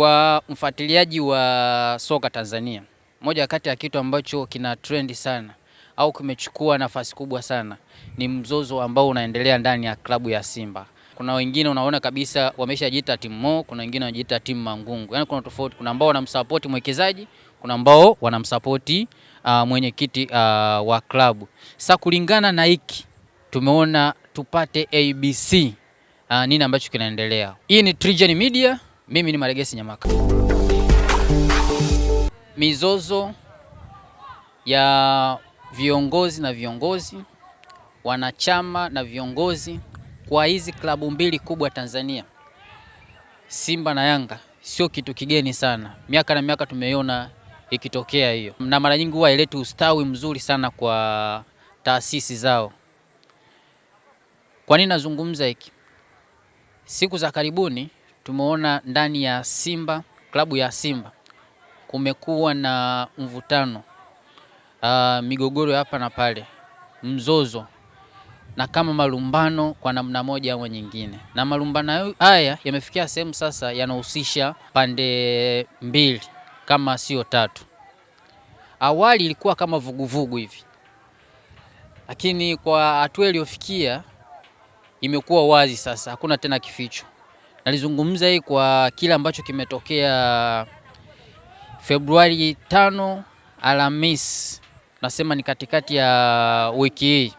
Kwa mfuatiliaji wa soka Tanzania, moja kati ya kitu ambacho kina trendi sana au kimechukua nafasi kubwa sana ni mzozo ambao unaendelea ndani ya klabu ya Simba. Kuna wengine unaona kabisa wameshajiita timu Mo, kuna wengine wanajiita timu Mangungu. Yaani kuna tofauti, kuna ambao wanamsapoti mwekezaji, kuna ambao wanamsapoti uh, mwenyekiti uh, wa klabu. Sasa kulingana na hiki tumeona tupate ABC uh, nini ambacho kinaendelea. Hii ni TriGen Media. Mimi ni Maregesi Nyamaka. Mizozo ya viongozi na viongozi, wanachama na viongozi kwa hizi klabu mbili kubwa Tanzania, Simba na Yanga, sio kitu kigeni sana. Miaka na miaka tumeiona ikitokea hiyo, na mara nyingi huwa ileti ustawi mzuri sana kwa taasisi zao. Kwa nini nazungumza hiki? Siku za karibuni tumeona ndani ya Simba, klabu ya Simba kumekuwa na mvutano uh, migogoro hapa na pale, mzozo na kama malumbano kwa namna moja au nyingine, na malumbano haya yamefikia sehemu sasa yanahusisha pande mbili kama sio tatu. Awali ilikuwa kama vuguvugu hivi, lakini kwa hatua iliyofikia imekuwa wazi sasa, hakuna tena kificho nalizungumza hii kwa kile ambacho kimetokea Februari tano Alhamisi, nasema ni katikati ya wiki hii.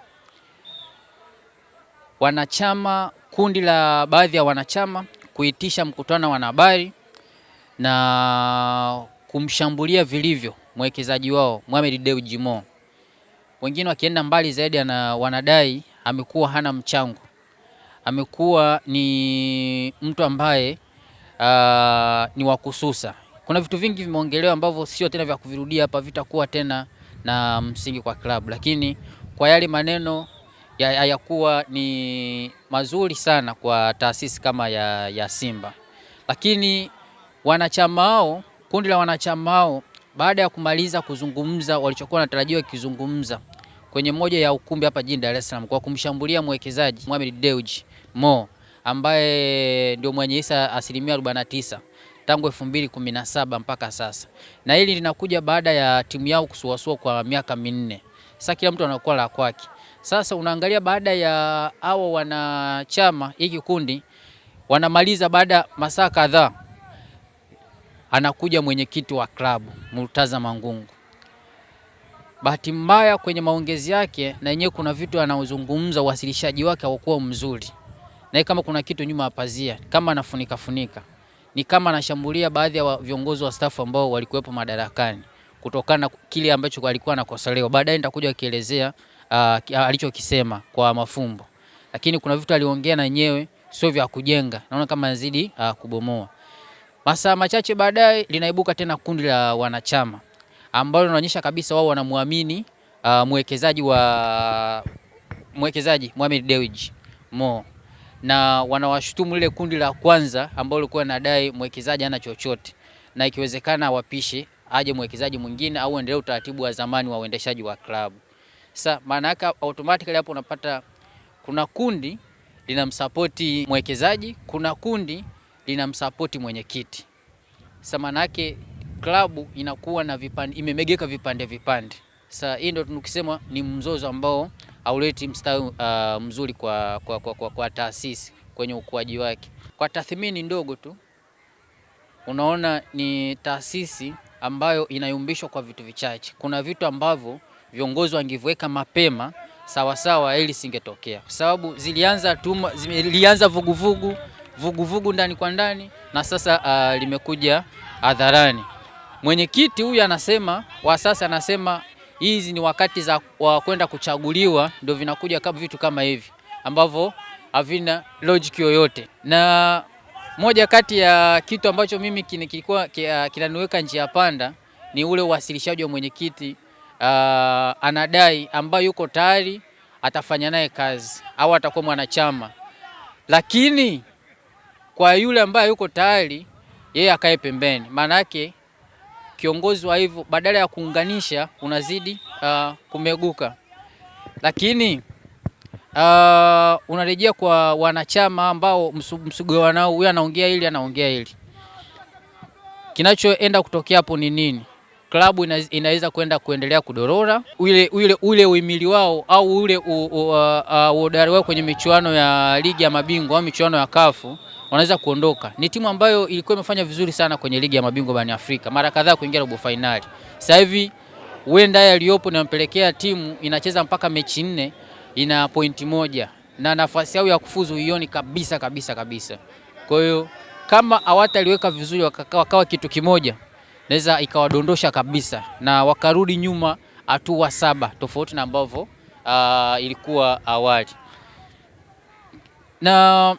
Wanachama kundi la baadhi ya wanachama kuitisha mkutano wa wanahabari na kumshambulia vilivyo mwekezaji wao Mohamed Dewji Mo, wengine wakienda mbali zaidi na wanadai amekuwa hana mchango amekuwa ni mtu ambaye uh, ni wakususa. Kuna vitu vingi vimeongelewa ambavyo sio tena vya kuvirudia hapa, vitakuwa tena na msingi kwa klabu, lakini kwa yale maneno hayakuwa ya ni mazuri sana kwa taasisi kama ya, ya Simba, lakini wanachama wao, kundi la wanachama wao baada ya kumaliza kuzungumza walichokuwa wanatarajiwa kizungumza kwenye moja ya ukumbi hapa jijini Dar es Salaam kwa kumshambulia mwekezaji Mohamed Dewji Mo ambaye ndio mwenye hisa asilimia 49 tangu 2017 mpaka sasa, na hili linakuja baada ya timu yao kusuasua kwa miaka minne. Sasa kila mtu anakuwa la kwake. Sasa unaangalia baada ya hao wanachama hiki kundi wanamaliza baada masaa kadhaa, anakuja mwenyekiti wa klabu Murtaza Mangungu. Bahati mbaya kwenye maongezi yake na yenyewe kuna vitu anazungumza, uwasilishaji wake haukuwa mzuri na kama kuna kitu nyuma ya pazia, kama anafunika funika, ni kama anashambulia baadhi ya viongozi wa staff ambao walikuwepo madarakani kutokana kile ambacho alikuwa anakosolewa. Baadaye nitakuja kuelezea uh, ah, ah, alichokisema kwa mafumbo, lakini kuna vitu aliongea na yenyewe sio vya kujenga, naona kama anazidi uh, kubomoa. Masaa machache baadaye linaibuka tena kundi la wanachama ambalo linaonyesha kabisa wao wanamwamini uh, mwekezaji wa mwekezaji Mohamed Dewji Mo na wanawashutumu lile kundi la kwanza ambao likuwa nadai mwekezaji ana chochote, na ikiwezekana wapishe aje mwekezaji mwingine au endelee utaratibu wa zamani wa uendeshaji wa klabu. Sasa maana yake automatically hapo unapata kuna kundi linamsapoti mwekezaji, kuna kundi linamsapoti mwenyekiti. Sasa maana yake klabu inakuwa na vipande, imemegeka vipande vipande. Sasa hii ndio tunukisema ni mzozo ambao hauleti mstawi uh, mzuri kwa, kwa, kwa, kwa, kwa taasisi kwenye ukuaji wake. Kwa tathmini ndogo tu, unaona ni taasisi ambayo inayumbishwa kwa vitu vichache. Kuna vitu ambavyo viongozi wangivyoweka mapema sawasawa, ili singetokea, kwa sababu zilianza tu zilianza vuguvugu vuguvugu ndani kwa ndani, na sasa uh, limekuja hadharani. Mwenyekiti huyu anasema wa sasa anasema hizi ni wakati za wa kwenda kuchaguliwa, ndio vinakuja kama vitu kama hivi ambavyo havina logic yoyote. Na moja kati ya kitu ambacho mimi kilikuwa ah, kinaniweka njia panda ni ule uwasilishaji wa mwenyekiti uh, anadai ambayo yuko tayari atafanya naye kazi au atakuwa mwanachama, lakini kwa yule ambaye yuko tayari yeye akae pembeni, maana yake kiongozi wa hivyo, badala ya kuunganisha unazidi uh, kumeguka. Lakini uh, unarejea kwa wanachama ambao msuguano nao, huyu anaongea hili, anaongea hili. Kinachoenda kutokea hapo ni nini? Klabu inaweza kwenda kuendelea kudorora, ule ule ule uimili wao au ule uhodari uh, uh, wao kwenye michuano ya ligi ya mabingwa au michuano ya kafu wanaweza kuondoka. Ni timu ambayo ilikuwa imefanya vizuri sana kwenye ligi ya mabingwa barani Afrika mara kadhaa kuingia robo finali. Sasa hivi wenda haya aliyopo nampelekea timu inacheza mpaka mechi nne ina pointi moja na nafasi yao ya kufuzu ioni kabisa kabisa kabisa. Kwa hiyo kama hawataliweka vizuri wakakawa, wakawa kitu kimoja, naweza ikawadondosha kabisa na wakarudi nyuma hatua saba tofauti na ambavyo uh, ilikuwa awali na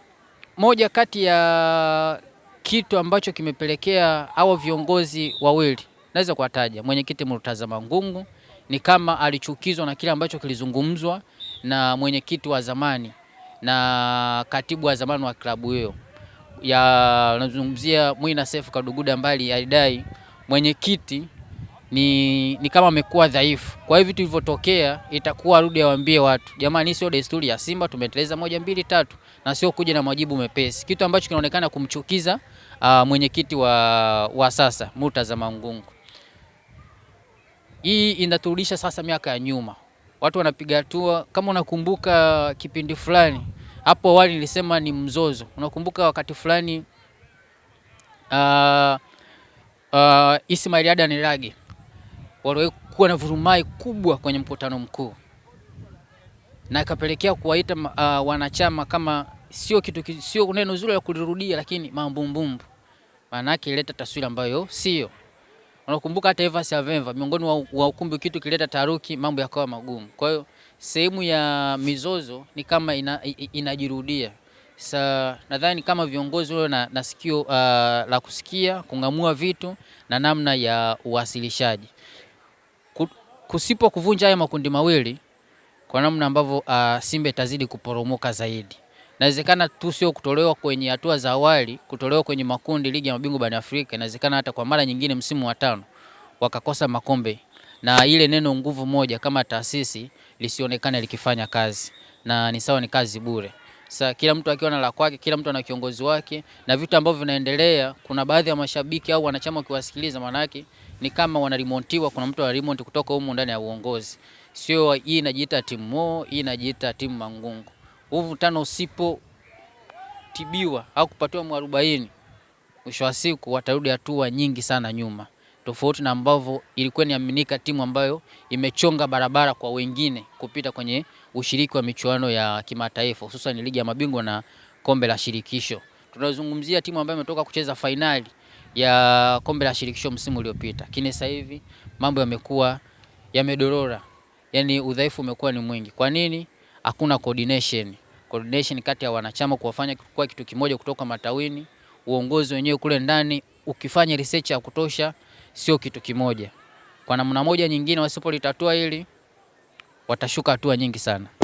moja kati ya kitu ambacho kimepelekea hao viongozi wawili naweza kuwataja, mwenyekiti Murtaza Mangungu ni kama alichukizwa na kile ambacho kilizungumzwa na mwenyekiti wa zamani na katibu wa zamani wa klabu hiyo ya, nazungumzia Mwina Sefu Kaduguda ambaye alidai mwenyekiti ni, ni kama amekuwa dhaifu. Kwa hivyo vitu vilivyotokea itakuwa rudi awaambie watu, jamani, sio desturi ya Simba, tumeteleza moja mbili tatu, na sio kuja na majibu mepesi, kitu ambacho kinaonekana kumchukiza uh, mwenyekiti wa, wa sasa Murtaza Mangungu. Hii inaturudisha sasa miaka ya nyuma, watu wanapiga hatua. Kama unakumbuka kipindi fulani hapo awali nilisema ni mzozo, unakumbuka wakati fulani uh, uh, Ismail Adan Rage walikuwa na vurumai kubwa kwenye mkutano mkuu na ikapelekea kuwaita uh, wanachama kama sio kitu sio neno zuri la kulirudia, lakini mambumbumbu, maana yake ileta taswira ambayo sio. Unakumbuka hata Evans Avemba miongoni wa, wa ukumbi, kitu kileta taruki, mambo yakawa magumu. Kwa hiyo sehemu ya mizozo ni kama ina, inajirudia. Sa nadhani kama viongozi wao na, na sikio uh, la kusikia, kung'amua vitu na namna ya uwasilishaji kusipo kuvunja haya makundi mawili, kwa namna ambavyo uh, Simba itazidi kuporomoka zaidi. Inawezekana tu sio kutolewa kwenye hatua za awali, kutolewa kwenye makundi ligi ya mabingwa barani Afrika, inawezekana hata kwa mara nyingine msimu wa tano wakakosa makombe, na ile neno nguvu moja kama taasisi lisionekane likifanya kazi, na ni sawa, ni kazi bure. Sa, kila mtu akiwa na la kwake, kila mtu ana kiongozi wake, na vitu ambavyo vinaendelea, kuna baadhi ya mashabiki au wanachama ukiwasikiliza, maana yake ni kama wanarimontiwa, kuna mtu anarimont kutoka humu ndani ya uongozi. Sio hii inajiita timu mo, hii inajiita timu mangungu. Uvutano usipotibiwa au kupatiwa mwarobaini, mwisho wa siku watarudi hatua nyingi sana nyuma, tofauti na ambavyo ilikuwa niaminika, timu ambayo imechonga barabara kwa wengine kupita kwenye ushiriki wa michuano ya kimataifa, hususan ligi ya mabingwa na kombe la shirikisho. Tunazungumzia timu ambayo imetoka kucheza fainali ya kombe la shirikisho msimu uliopita, lakini sasa hivi mambo yamekuwa yamedorora, yani udhaifu umekuwa ni mwingi. Kwa nini? Hakuna coordination, coordination kati ya wanachama kuwafanya kuwa kitu kimoja kutoka matawini. Uongozi wenyewe kule ndani, ukifanya research ya kutosha, sio kitu kimoja. Kwa namna moja nyingine, wasipolitatua hili watashuka hatua nyingi sana.